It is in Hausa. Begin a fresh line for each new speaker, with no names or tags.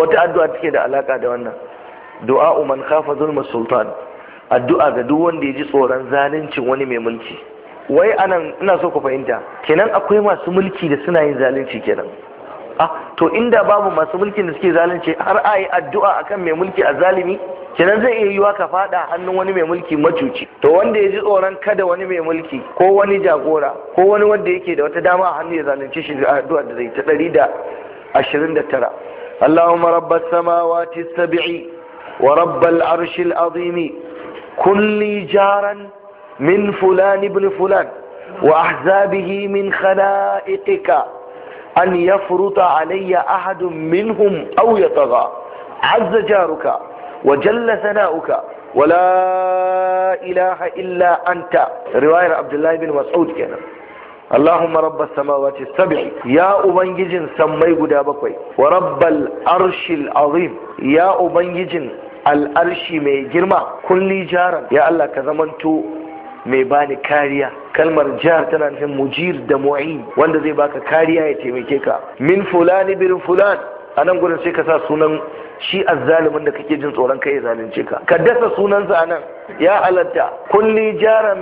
wata addu'a take da alaka da wannan du'a man khafa sultan addu'a ga duk wanda ya ji tsoron zaluncin wani mai mulki wai anan ina so ku fahimta kenan akwai masu mulki da suna yin zalunci kenan ah to inda babu masu mulkin da suke zalunci har a yi addu'a akan mai mulki a zalimi kenan zai iya yiwa ka fada hannun wani mai mulki macuci to wanda ya ji tsoron kada wani mai mulki ko wani jagora ko wani wanda yake da wata dama a hannu ya zalunci shi addu'a da zai ta ɗari da ashirin da tara اللهم رب السماوات السبع ورب العرش العظيم كن لي جارا من فلان ابن فلان وأحزابه من خلائقك أن يفرط علي أحد منهم أو يطغى عز جارك وجل ثناؤك ولا إله إلا أنت رواية عبد الله بن مسعود كان اللهم رب السماوات السبع يا guda سمي Wa rabbal ورب الأرش العظيم يا al'arshi الأرش مي جرما كل جارا يا الله zamanto mai bani kariya kalmar jihar tana nufin mujir da mu'in wanda zai baka kariya ya taimake ka min fulani bin fulan a nan gudun sai ka sa sunan shi azzalumin da kake jin tsoron kai ya zalunce ka ka dasa sunansa a nan ya halatta kulli jaran